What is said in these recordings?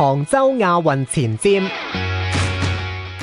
杭州亞運前瞻。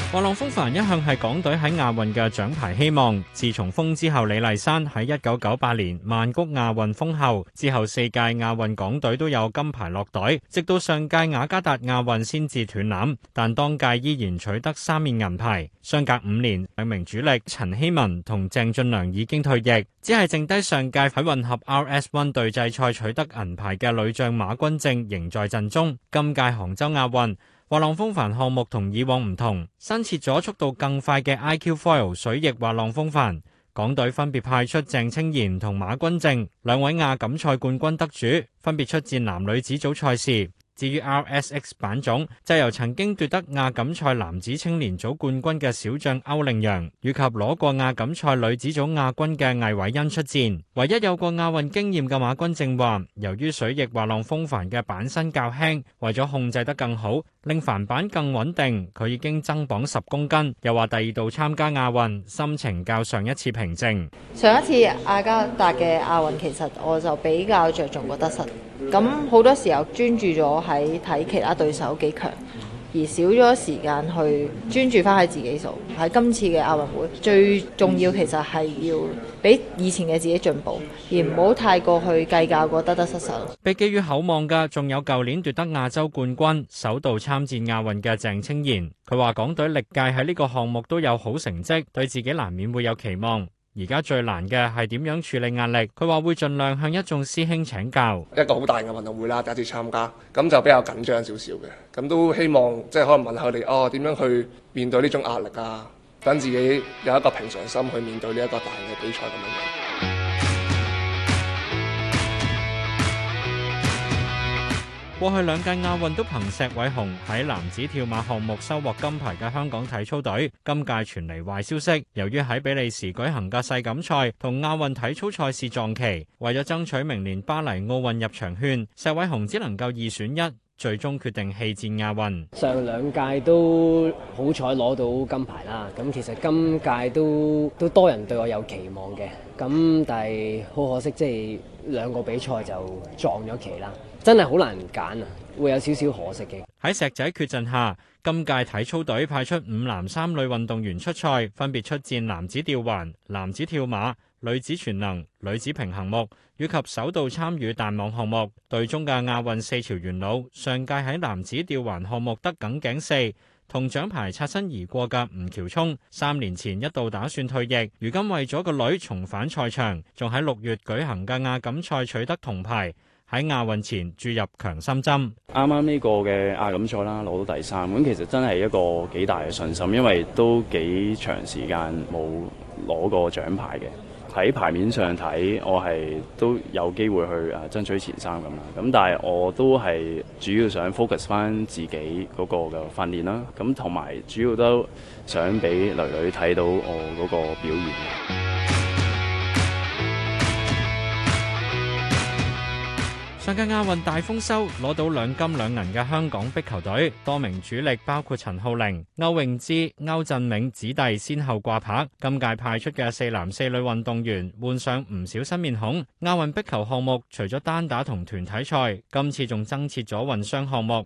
滑浪風帆一向係港隊喺亞運嘅獎牌希望。自從封之後，李麗珊喺一九九八年曼谷亞運封後，之後四屆亞運港隊都有金牌落袋，直到上屆雅加達亞運先至斷纜。但當屆依然取得三面銀牌。相隔五年，兩名主力陳希文同鄭俊良已經退役，只係剩低上屆喺混合 RS1 對制賽取得銀牌嘅女將馬君正仍在陣中。今屆杭州亞運。滑浪風帆項目同以往唔同，新設咗速度更快嘅 IQ foil 水翼滑浪風帆。港隊分別派出鄭清妍同馬君正兩位亞錦賽冠軍得主，分別出戰男女子組賽事。至於 RSX 版種，就由曾經奪得亞錦賽男子青年組冠軍嘅小將歐令陽，以及攞過亞錦賽女子組亞軍嘅魏偉恩出戰。唯一有過亞運經驗嘅馬君正話，由於水翼滑浪風帆嘅板身較輕，為咗控制得更好，令帆板更穩定，佢已經增磅十公斤。又話第二度參加亞運，心情較上一次平靜。上一次雅加達嘅亞運，其實我就比較著重個得失，咁好多時候專注咗。睇睇其他對手幾強，而少咗時間去專注翻喺自己數。喺今次嘅亞運會，最重要其實係要俾以前嘅自己進步，而唔好太過去計較過得得失失。被寄予厚望嘅，仲有舊年奪得亞洲冠軍、首度參戰亞運嘅鄭清賢。佢話港隊歷屆喺呢個項目都有好成績，對自己難免會有期望。而家最難嘅係點樣處理壓力，佢話會盡量向一眾師兄請教。一個好大型嘅運動會啦，第一次參加，咁就比較緊張少少嘅，咁都希望即係、就是、可能問下佢哋哦，點樣去面對呢種壓力啊？等自己有一個平常心去面對呢一個大型嘅比賽咁樣樣。過去兩屆亞運都憑石偉雄喺男子跳馬項目收穫金牌嘅香港體操隊，今屆傳嚟壞消息，由於喺比利時舉行嘅世錦賽同亞運體操賽事撞期，為咗爭取明年巴黎奧運入場券，石偉雄只能夠二選一。最終決定棄戰亞運。上兩屆都好彩攞到金牌啦，咁其實今屆都都多人對我有期望嘅，咁但係好可惜，即係兩個比賽就撞咗期啦，真係好難揀啊，會有少少可惜嘅。喺石仔缺陣下，今屆體操隊派出五男三女運動員出賽，分別出戰男子吊環、男子跳馬。女子全能、女子平衡木以及首度參與彈網項目，隊中嘅亞運四朝元老，上屆喺男子吊環項目得緊頸四，同獎牌擦身而過嘅吳翹充，三年前一度打算退役，如今為咗個女重返賽場仲喺六月舉行嘅亞錦賽取得銅牌，喺亞運前注入強心針啱啱呢個嘅亞錦賽啦，攞到第三，咁其實真係一個幾大嘅信心，因為都幾長時間冇攞過獎牌嘅。喺牌面上睇，我係都有機會去誒爭取前三咁啦。咁但係我都係主要想 focus 翻自己嗰個嘅訓練啦。咁同埋主要都想俾女女睇到我嗰個表現。上屆亞運大豐收，攞到兩金兩銀嘅香港壁球隊，多名主力包括陳浩鈴、歐詠芝、歐鎮銘子弟先後掛拍。今屆派出嘅四男四女運動員，換上唔少新面孔。亞運壁球項目除咗單打同團體賽，今次仲增設咗混雙項目。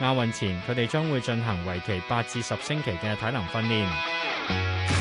亞運前，佢哋將會進行為期八至十星期嘅體能訓練。